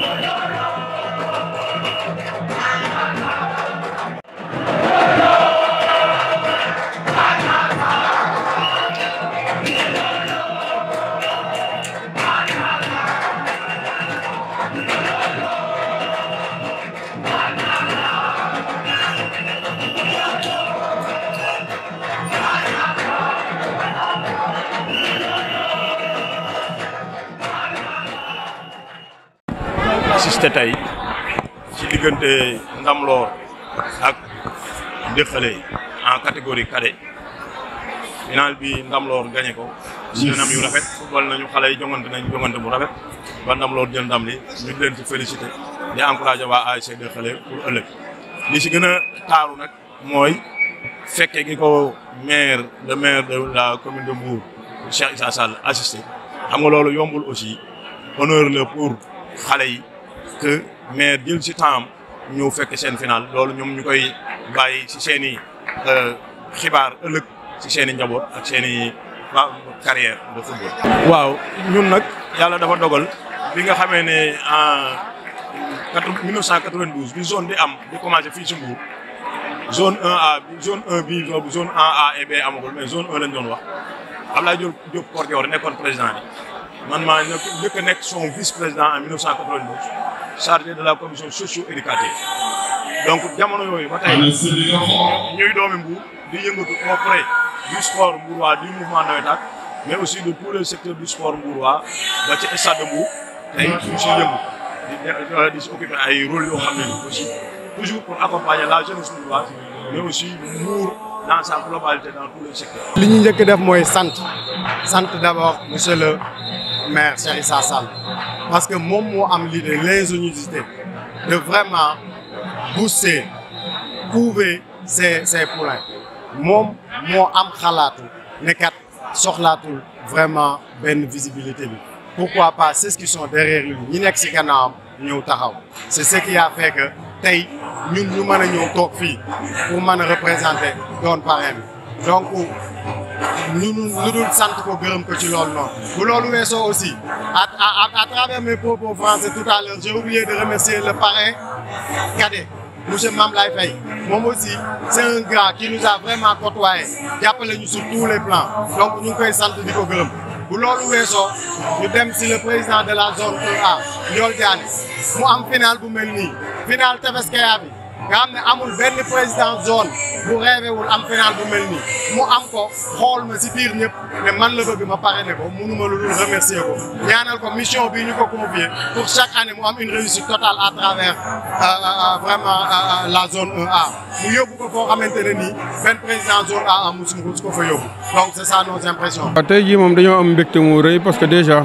Lord. assisté tey ci diggante Ndamloor ak Dexële en catégorie cadet final bi Ndamloor gagné ko. ci anam yu rafet football nañu xale yi jongante nañu jongante bu rafet ba Ndamloor jël ndam li ñu leen ci félicité di encouragé waa ASC Dexële ëllëg li ci gën a taaru nag mooy fekkee gi ko maire le maire de la commune de Mbour Cheikh Issa Sall assisté xam nga loolu yombul aussi honneur la pour xale yi. que mais jël si temps ñëw fekk seen final loolu ñoom ñu koy bàyyi si seen i euh, xibaar ëllëg si seen i njaboot ak seen i carrière de football. waaw ñun nag yàlla dafa dogal bi nga xamee ne en 1992 bi zone bi am di commencé fii si zone 1 zone 1 bi zone 1A et B amagul mais zone lañ doon wax Abdoulaye Diop Diop Kor Dior nekkoon président bi man maa njëkk a nekk son vice président en 1992. chargé de la commission socio-éducative donc jamono yooyu ba tey ñuy doomi Mbour di yëngatu auprès du sport mbourois du mouvement nawetaan mais aussi de tout le secteur du sport mbourois ba ci stade de Mbour si yëngu di si occupé ay rôle yoo xam ne aussi toujours pour accompagner la jeunesse mbouroise mais aussi Mbour dans sa globalité dans tous les secteurs. li ñu njëkk def mooy sant sant d'abord monsieur le maire Cheikh Issa Sall parce que moi, moo am l'idée de vraiment booster, couver ces ces poulains moom moo am l'idée de vraiment soxlaatul vraiment benn visibilité pourquoi pas c'est ce qui sont derrière lui Ni mexicains, ci gannaawam les taxaw c'est ce qui a fait que nous ñun ñu mën a pour représenter doon parrain donc nous nous nous sant ko gërëm ko ci nous noonu bu aussi à à à travers mes propos français tout à l'heure j'ai oublié de remercier le parrain Regardez, monsieur Mamlaye Faye Moi aussi c'est un gars qui nous a vraiment côtoyés, qui a appelé nous sur tous les plans donc nous ngi koy sant di ko gërëm nous loolu weesoo ñu si le président de la zone 1A Ndiol Diané mu am final bu mel nii final Tefes Nous avons nga xam ne amul benn président zone bu reewewul am final bu mel nii mu am ko xool ma si biir ñëpp ne man la bëgg ma pare ne ko mënuma lu remercier ko ñaanal ko mission bi ñu ko confié pour chaque année mu am une réussite totale à travers euh, euh, euh, vraiment la zone 1A mu yóbbu ko foo xamante ne nii président zone A mosuñu ko ko fa yóbbu donc c'est ça nos impressions. waaw tey jii moom dañoo am mbégte mu rëy parce que déjà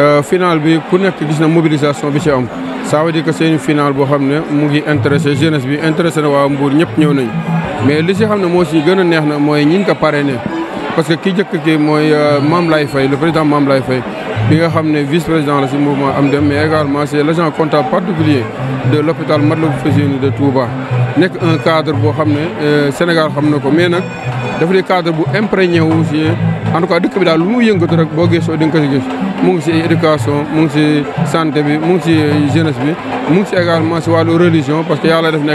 euh, final bi ku nekk gis na mobilisation bi ci am ça veut dire que c'est une finale bo xam mu ngi intéresser jeunesse bi intéresser wa Mbour ñep ñew nañ mais li si xam ne moo si gën a mooy ñi ko parrainé parce que ki njëkk ki mooy euh, Mame Lay Faye le président Mame Lay Faye bi nga xam ne vice président la si mouvement am dem mais également c'est l'agent comptable particulier de l'hôpital Matlaboul Fawzeyni de Touba nekk un cadre boo xam ne euh, Sénégal xam na ko mais nag dafa di cadre bu imprégné wu si en tout cas dëkk bi daal lu mu yëngatu rek boo gëstoo soo nga ko gis mu ngi si éducation mu ngi si santé bi mu ngi si jeunesse bi mu si également parce que yàlla def na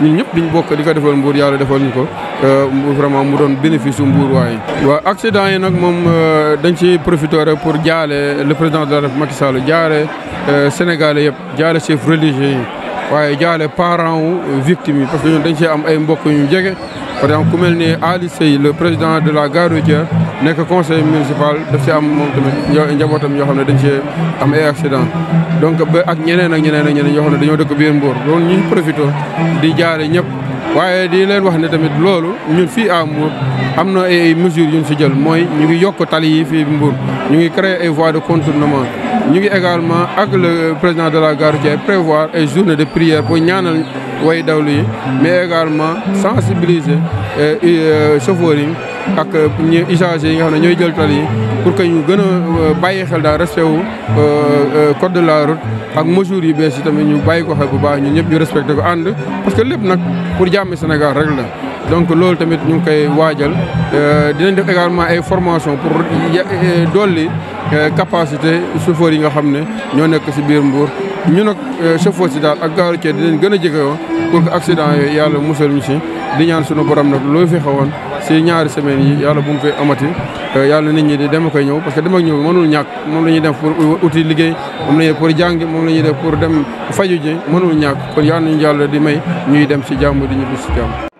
ñun ñëpp diñ bokk di ko defal mbuur yàlla defal ñu ko euh, vraiment mu doon bénéfice su mbuur waaye waa accident yi nag moom euh, dañ ci profité rek pour jaale le président de la République Macky Sall jaale euh, Sénégalais yëpp jaale chef religieux yi waaye jaale parent wu victime yi parce que ñun dañ cee am ay mbokk yu jege. par exemple ku mel ni Ali Sey le président de la gare routière nekk conseil municipal daf ci am moom tamit njabootam yoo xam ne dañ cee am ay accident donc ba ak ñeneen ak ñeneen ak ñeneen yoo xam ne dañoo dëkk biir Mbour loolu ñu profité di jaare ñëpp. waaye di leen wax ne tamit loolu ñun fii à Mbour am na ay mesures yu ñu si jël mooy ñu ngi yokk tali yi fii Mbour ñu ngi créer ay voies de contournement ñu ngi également ak le président de la gare routière prévoir ay journées de prière pour ñaanal way dawlu yi mais également sensibiliser euh, euh, chauffeurs yi ak euh, ñi usagers yi nga xam ne ñooy jël tali pour que ñu gën a euh, bàyyi xel daal respect wu euh, code de la route ak mesures yi bees yi tamit ñu bàyyi ko xel bu baax ñu ñëpp ñu respecté ko ànd parce que lépp nag pour jàmmi Sénégal rek la donc loolu tamit ñu ngi koy waajal dinañ def également ay formation pour dolli capacité chauffeurs yi nga xam ne ñoo nekk si biir Mbour ñu nag chauffeur si daal ak gaaru cee dinañ gën a jegewoo pour que accident yooyu yàlla musal ñu si di ñaan sunu borom nag loo fi xewoon si ñaari semaines yi yàlla bu mu fee amati euh, yàlla nit ñi di dem koy ñëw parce que dem ak ñëw mënul ñàkk moom la ñuy def pour uti liggéey moom la ñuy def pour jàng moom la ñuy def pour dem faju ji mënul ñàkk kon yàlla nañu yàlla di may ñuy dem si jàmm di ñibbi si jàmm